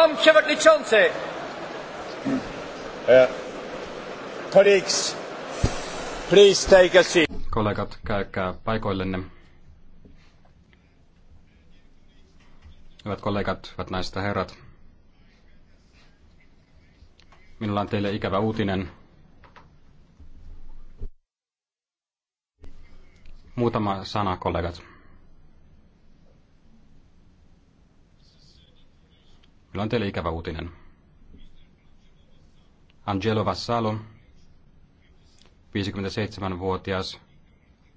Pan Przewodniczący! Colleagues, e, please take a seat. Kollegat, käykää paikoillenne. Hyvät kollegat, hyvät naiset ja herrat. Minulla on teille ikävä uutinen. Muutama sana, kollegat. Minulla on teille ikävä uutinen. Angelo Vassalo, 57-vuotias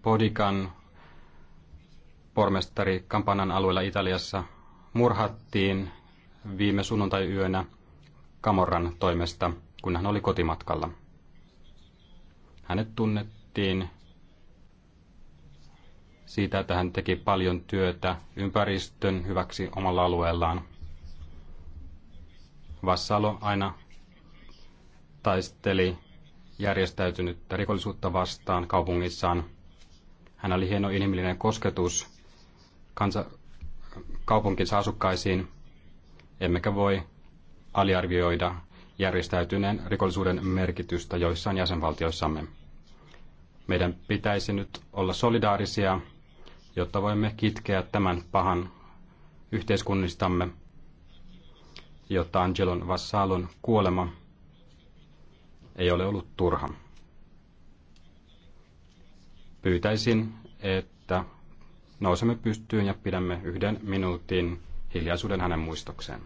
Podikan pormestari Kampanan alueella Italiassa, murhattiin viime sunnuntai-yönä Kamorran toimesta, kun hän oli kotimatkalla. Hänet tunnettiin siitä, että hän teki paljon työtä ympäristön hyväksi omalla alueellaan. Vassalo aina taisteli järjestäytynyttä rikollisuutta vastaan kaupungissaan. Hän oli hieno inhimillinen kosketus kansa, kaupunkinsa asukkaisiin, emmekä voi aliarvioida järjestäytyneen rikollisuuden merkitystä joissain jäsenvaltioissamme. Meidän pitäisi nyt olla solidaarisia, jotta voimme kitkeä tämän pahan yhteiskunnistamme – jotta Angelon Vassalon kuolema ei ole ollut turha. Pyytäisin, että nousemme pystyyn ja pidämme yhden minuutin hiljaisuuden hänen muistokseen.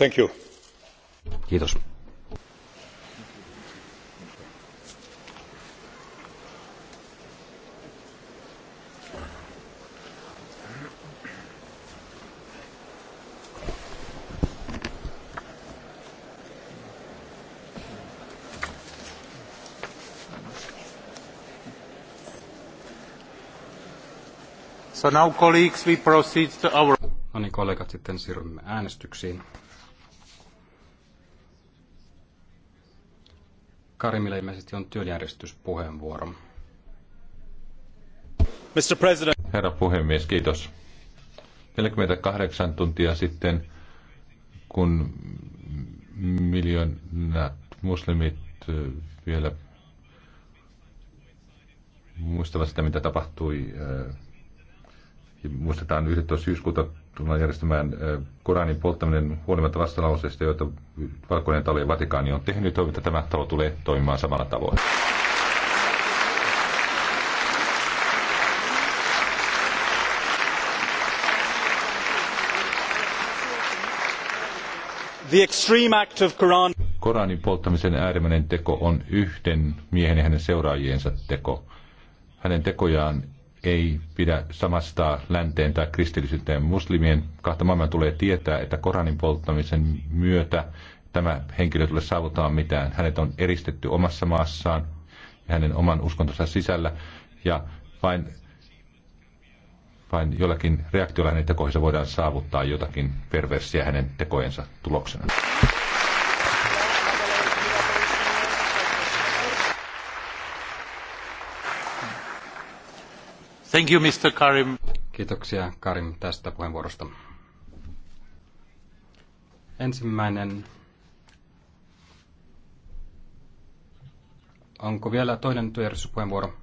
Thank you. Kiitos. No niin, kollegat, sitten siirrymme äänestyksiin. Karimilla ilmeisesti on työjärjestyspuheenvuoro. Mr. President. Herra puhemies, kiitos. 48 tuntia sitten, kun miljoonat muslimit vielä muistavat sitä, mitä tapahtui. Muistetaan 11. syyskuuta tullaan järjestämään Koranin polttaminen huolimatta vastalauseista, joita Valkoinen talo ja Vatikaani on tehnyt. Toivon, että tämä talo tulee toimimaan samalla tavoin. The extreme act of Quran. Koranin polttamisen äärimmäinen teko on yhden miehen ja hänen seuraajiensa teko. Hänen tekojaan ei pidä samasta länteen tai kristillisyyteen muslimien. Kahta maailman tulee tietää, että Koranin polttamisen myötä tämä henkilö tulee saavuttamaan mitään. Hänet on eristetty omassa maassaan ja hänen oman uskontonsa sisällä. Ja vain, vain jollakin reaktiolla hänen tekoihinsa voidaan saavuttaa jotakin perversiä hänen tekojensa tuloksena. Thank you, Mr. Karim. Kiitoksia Karim tästä puheenvuorosta. Ensimmäinen. Onko vielä toinen työjärjestyspuheenvuoro?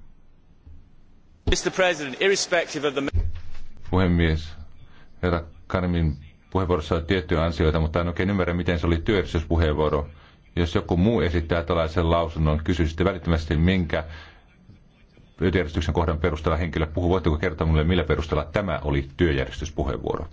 Mr. President, irrespective of the... Puhemies, herra Karimin puheenvuorossa on tiettyjä ansioita, mutta en oikein ymmärrä, miten se oli työjärjestyspuheenvuoro. Jos joku muu esittää tällaisen lausunnon, kysy sitten välittömästi, minkä työjärjestyksen kohdan perusteella henkilö puhuu. Voitteko kertoa minulle, millä perusteella tämä oli työjärjestyspuheenvuoro?